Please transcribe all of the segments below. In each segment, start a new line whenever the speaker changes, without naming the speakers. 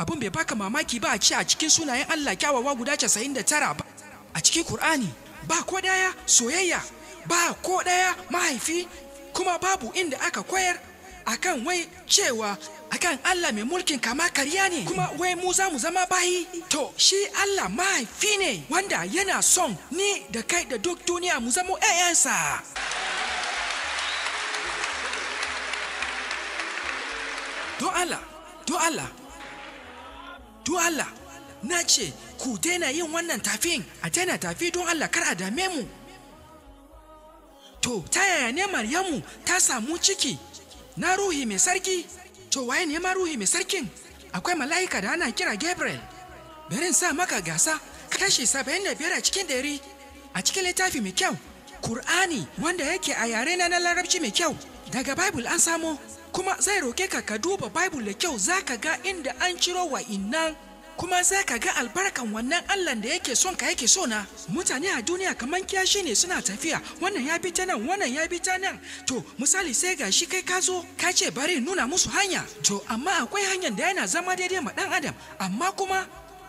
abin bai baka mamaki ba a ce a cikin sunayen Allah kyawawa guda casa'in da tara ba a cikin Kur'ani ba ko daya soyayya ba ko daya mahaifi kuma babu inda aka koyar akan wai cewa akan Allah mai mulkin kama karya ne kuma wai mu za mu zama bayi to shi Allah mahaifi ne wanda yana son ni da kai da duk duniya mu zamo 'ya'yansa. don Allah don Allah Don Allah na ce ku daina yin wannan tafin a daina tafi don Allah kar a dame mu to ta yaya ne Maryamu ta samu ciki na ruhi mai sarki to waye ne ma ruhi mai sarkin akwai mala'ika da ana kira Gabriel Berin sa maka gasa kashi saba'in da biyar a cikin dari a cikin littafi mai kyau Kur'ani wanda yake a yare na na larabci mai kyau daga Bible an samo kuma zai roke ka ka duba bible da kyau za ka ga inda an ciro wa innan kuma za ka ga albarkan wannan allah da yake son ka yake so na mutane a duniya kamar kiyashi ne suna tafiya wannan ya bi ta nan wannan ya bi ta nan to misali sai ga shi kai ka zo ka ce bari nuna musu hanya to amma akwai hanyar da yana zama daidai ma dan adam amma kuma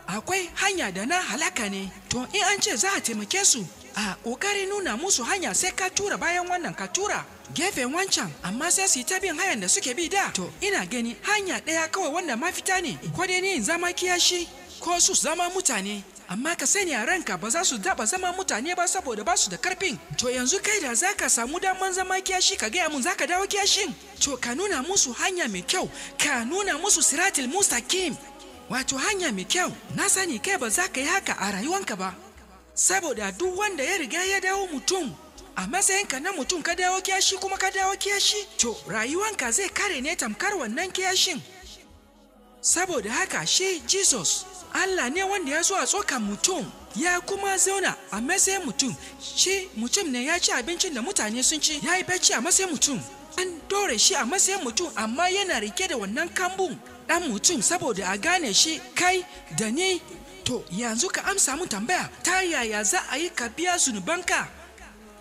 akwai hanya da na halaka ne to in an ce za a taimake su a ƙoƙarin nuna musu hanya sai ka tura bayan wannan ka tura gefen wancan amma sai su yi ta bin hayan da suke bi da to ina gani hanya ɗaya kawai wanda ma fita ne ko dai ni zama kiyashi ko su zama mutane amma ka sani a ranka ba za su daba zama mutane ba saboda ba su da karfin to yanzu kai da za ka samu daman zama kiyashi ka gaya mun za ka dawo kiyashin to ka nuna musu hanya mai kyau ka nuna musu siratil mustaqim wato hanya mai kyau na sani kai ba za ka yi haka a rayuwanka ba saboda duk wanda ya riga ya dawo mutum a matsayinka na mutum ka dawo kiyashi kuma ka dawo kiyashi to rayuwanka zai kare ne tamkar wannan kiyashin saboda haka shi jesus allah ne wanda ya zo a tsokan mutum ya kuma zauna a matsayin mutum shi mutum ne ya ci abincin da mutane sun ci ya yi bacci a matsayin mutum an dore shi a matsayin mutum amma yana rike da wannan kambun dan mutum saboda a gane shi kai da ni to yanzu ka amsa mun tambaya ta yaya za a yi ka biya zunubanka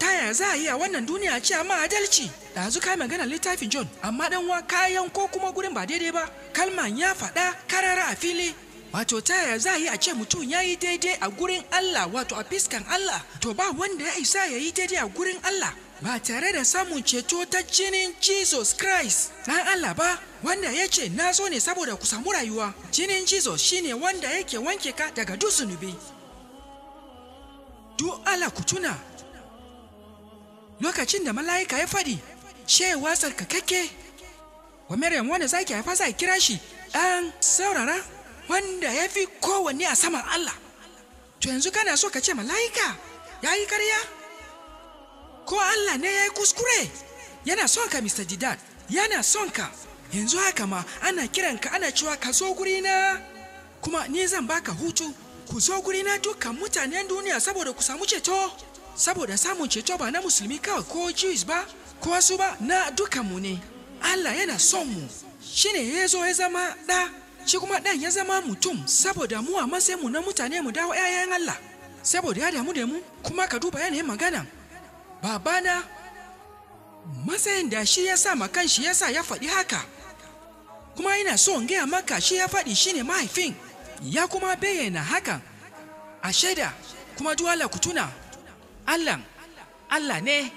ta yaya za a yi a wannan duniya ce amma adalci ɗazu kai magana littafin john amma dan wa kayan ko kuma gurin ba daidai ba kalman ya faɗa karara a fili wato ta yaya za a yi a ce mutum ya yi daidai a gurin allah wato a fiskan allah to ba wanda ya isa ya yi daidai a gurin allah ba tare da samun ceto ta jinin Jesus Christ ɗan Allah ba wanda ya ce na zo ne saboda ku samu rayuwa jinin Jesus shine wanda yake wanke ka daga duk zunubi duk Allah ku tuna lokacin da mala'ika ya faɗi ka tsarkakakke wa maryam wanda zaki haifa za kira shi ɗan saurara wanda ya fi kowanne a saman allah to yanzu kana so ka ce mala'ika ya yi karya ko allah ne ya yi kuskure yana son ka mr didat yana son ka yanzu haka ma ana kiranka ana cewa ka zo gurina kuma ni zan baka hutu ku zo gurina dukkan mutanen duniya saboda ku samu ceto saboda samun ceto ba na musulmi kawai ko jews ba ko wasu ba na dukanmu ne allah yana son mu ne ya zo ya zama ɗa shi kuma ɗan ya zama mutum saboda mu a mu na mutane mu dawo 'ya'yan allah saboda ya damu da mu kuma ka duba yanayin magana babana matsayin da shi ya sa makan shi ya sa ya faɗi haka kuma ina so in gaya maka shi ya faɗi shi ne mahaifin ya kuma bayyana haka? a shaida kuma duwala ku tuna Allah, Allah ne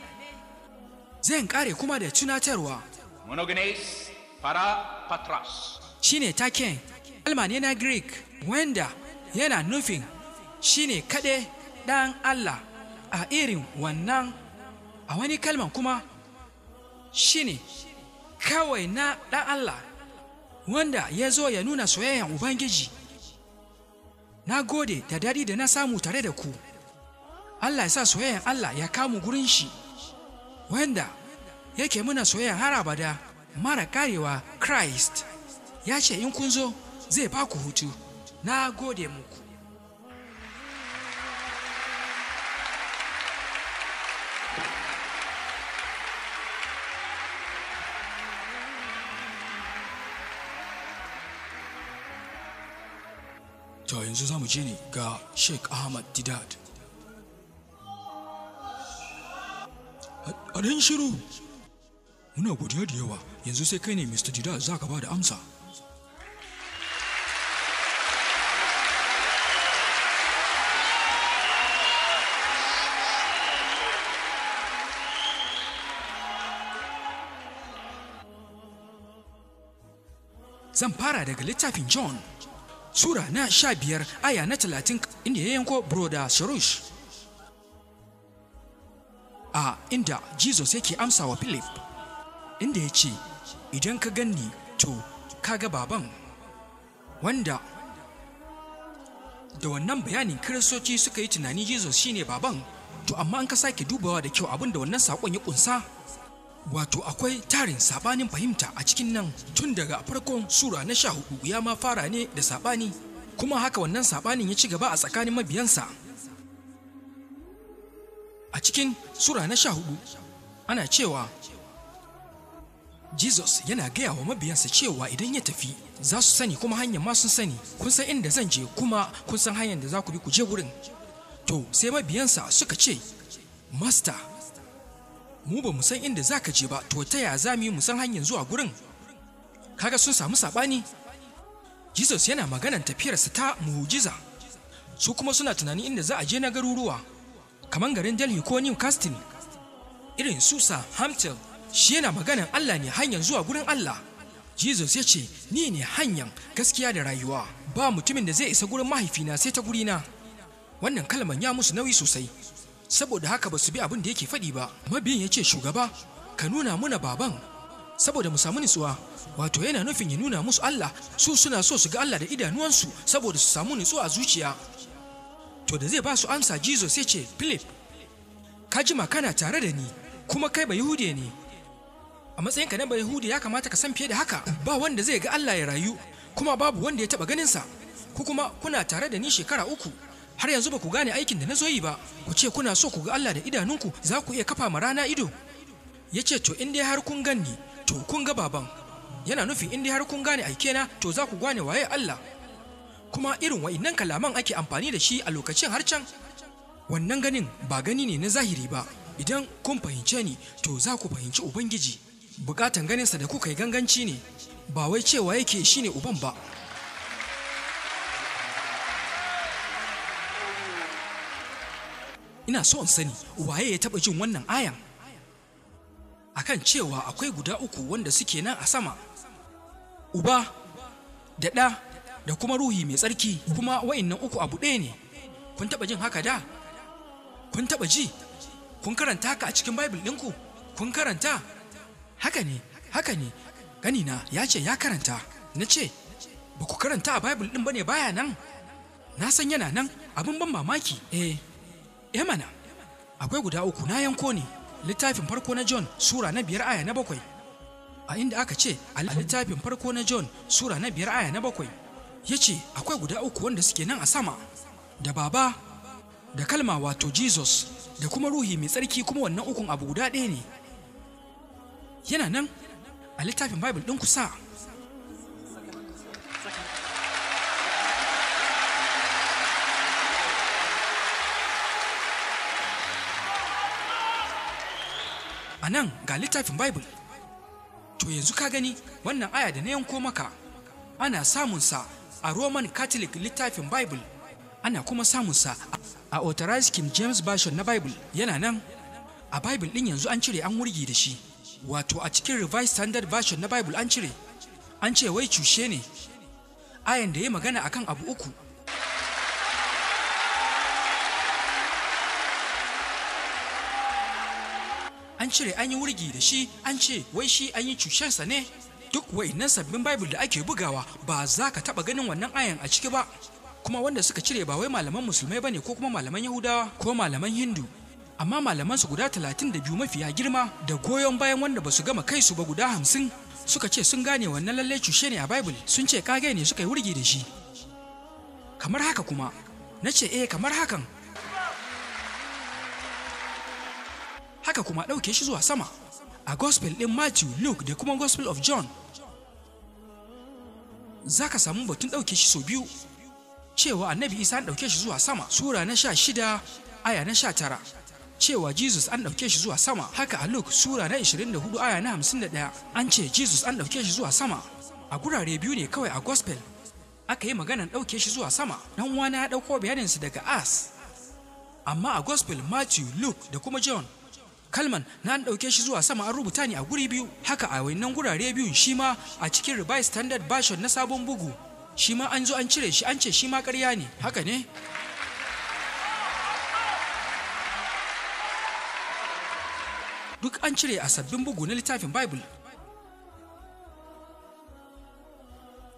zan kare kuma da tunatarwa monogenes para patras shine taken kalma ne na Greek wanda yana nufin shine kade ɗan Allah a irin wannan a wani kalman kuma shine kawai na ɗan Allah wanda ya zo ya nuna soyayyan Ubangiji na gode da daɗi da na samu tare da ku Allah ya sa soyayyan Allah ya kamu gurin shi wanda yake muna soyayyan har abada mara karewa Christ ya ce in kun zo zai ba ku hutu na gode muku To yanzu za mu je ne ga Sheikh Ahmad Didad. a ɗan shiru muna godiya da yawa yanzu sai kai ne mr dida za ka ba da amsa zan fara daga littafin john sura na sha biyar aya na talatin inda ya yanko broda sharush a inda jesus yake amsa wa philip inda ya ce idan ka ganni to ka baban wanda da wannan bayanin kiristoci suka yi tunani jesus shine baban to amma an ka sake dubawa da kyau abin da wannan sakon ya kunsa? wato akwai tarin saɓanin fahimta a cikin nan tun daga farkon sura na sha hudu ya ma fara ne da saɓani kuma haka wannan saɓanin ya ci gaba a tsakanin mabiyansa a cikin sura na sha hudu ana cewa jesus yana gaya wa mabiyansa cewa idan ya tafi za su sani kuma hanyar ma sun sani kun san inda zan je kuma kun san hanyar da za ku bi ku je wurin to sai mabiyansa suka ce master mu ba mu san inda za ka je ba to ta ya za mu yi mu san hanyar zuwa gurin kaga sun samu sabani? jesus yana maganan tafiyarsa ta mu'ujiza su kuma suna tunanin inda za a je na garuruwa kamar garin delhi ko newcastle irin susa hamtel shi yana maganan allah ne hanyar zuwa gurin allah jesus ya ce ni ne hanyar gaskiya da rayuwa ba mutumin da zai isa gurin mahaifina sai ta gurina wannan kalmar ya musu nauyi sosai saboda haka ba su bi abin da yake faɗi ba mabiyin ya ce shugaba ka nuna muna baban saboda mu samu nutsuwa wato yana nufin ya nuna musu allah su suna so su ga allah da idanuwansu saboda su samu nutsuwa a zuciya to da zai ba su amsa jesus ya ce philip ka jima kana tare da ni kuma kai ba yahudiya ne a matsayinka na ba yahudiya ya kamata ka san fiye da haka ba wanda zai ga allah ya rayu kuma babu wanda ya taba sa ku kuma kuna tare da ni shekara uku har yanzu ba ku gane aikin da na zo yi ba ku ce kuna so ku ga allah da idanunku za ku iya kafa ma rana ido ya ce to in dai har kun ganni to kun ga baban yana nufin in dai har kun gane aike na to za ku gane waye allah kuma irin wa'innan kalaman ake amfani da shi a lokacin harcen wannan ganin ba gani ne na zahiri ba idan kun fahimce ni to za ku fahimci ubangiji bukatan ganinsa da kuka yi ganganci ne ba wai cewa yake shi ne uban ba ina so in sani waye ya taba jin wannan ayan akan cewa akwai guda uku wanda suke nan a sama uba da ɗa da kuma ruhi mai tsarki kuma wa'annan uku abu ɗaya ne kun taɓa jin haka da kun taɓa ji kun karanta haka a cikin bible ɗinku kun karanta haka ne haka ne ganina ya ce ya karanta na ce ba ku karanta a bible ɗin ba ne baya nan na san yana nan abin ban mamaki eh, eh mana akwai guda uku na yanko ne littafin farko na john sura na biyar aya na bakwai a inda aka ce a littafin farko na john sura na biyar aya na bakwai ya ce akwai guda uku wanda suke nan a sama da baba da kalma wato jesus da kuma ruhi mai tsarki kuma wannan ukun abu guda ɗaya ne yana nan a littafin bible ɗin kusa a nan ga littafin bible to yanzu ka gani wannan aya da na yanko maka ana samunsa a roman catholic littafin bible ana kuma samunsa a authorized king james version na bible yana nan a bible ɗin yanzu an cire an wurgi da shi wato a cikin revised standard version na bible an cire an ce wai cushe ne ayan da ya magana akan abu uku an cire an yi wurgi da shi an ce wai shi an yi cushensa ne duk wayannan sabbin bible da ake bugawa ba za ka taɓa ganin wannan ayan a ciki ba kuma wanda suka cire ba wai malaman musulmai bane ko kuma malaman yahudawa ko malaman hindu amma malaman su guda talatin da biyu mafiya girma da goyon bayan wanda ba su gama kai su ba guda hamsin suka ce sun gane wannan lallai cushe ne a bible sun ce kage ne suka yi wurgi da shi kamar haka kuma na ce eh kamar hakan haka kuma ɗauke shi zuwa sama a gospel ɗin Matthew, Luke da kuma gospel of John za ka samu batun ɗauke shi sau biyu cewa annabi Isa an ɗauke shi zuwa sama sura na sha shida aya na sha tara cewa Jesus an ɗauke shi zuwa sama haka a Luke sura na 24 aya na ɗaya, an ce Jesus an ɗauke shi zuwa sama a gurare biyu ne kawai a gospel aka yi maganan ɗauke shi zuwa sama dan wani ya ɗauko bayaninsa daga as amma a gospel Matthew Luke da kuma John kalman na an ɗauke shi zuwa sama an rubuta ni a guri biyu haka a wannan gurare biyun shi ma a cikin revised standard version na sabon bugu shi ma an zo an cire shi an ce shi ma ƙarya ne haka ne duk an cire a sabbin bugu na littafin bible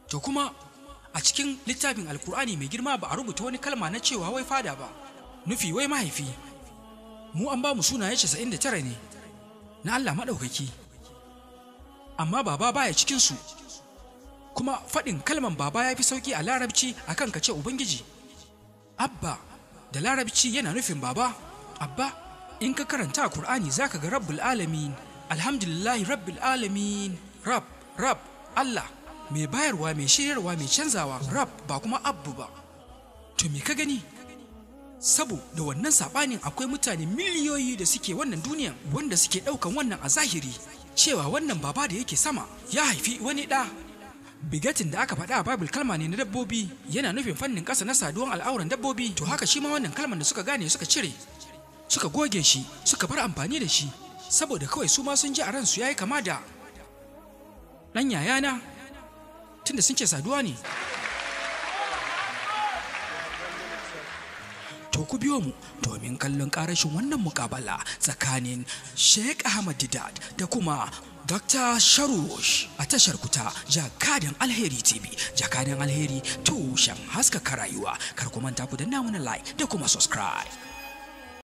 to kuma a cikin littafin alkur'ani mai girma ba a rubuta wani kalma na cewa wai fada ba nufi wai mahaifi mu an ba mu sunaye casa'in da tara ne na Allah maɗaukaki amma baba baya cikinsu kuma faɗin kalman baba ya fi sauƙi a larabci akan kan kace ubangiji abba da larabci yana nufin baba abba in ka karanta qur'ani kur'ani za ka ga rabbul alamin alhamdulillahi rabbil alamin rab rab allah mai bayarwa mai shiryarwa mai canzawa rab ba kuma abbu ba to me ka gani Sabu da wannan saɓanin akwai mutane miliyoyi da suke wannan duniya wanda suke ɗaukan wannan a zahiri cewa wannan baba da yake sama ya haifi wani ɗa bigatin da aka faɗa a babul kalma ne na dabbobi yana nufin fannin ƙasa na saduwan al'auran dabbobi to haka shi ma wannan kalman da suka gane suka cire suka goge shi suka bar amfani da shi saboda kawai su ma sun ji a ransu yi kama da ɗan yayana tunda sun ce saduwa ne to ku biyo mu domin kallon karashin wannan mukabala tsakanin Sheikh Ahmad Didat da kuma Dr. Sharush a tashar kuta jakadan alheri TV jakadan alheri tushen haskaka rayuwa kar ku manta ku danna mana like da kuma subscribe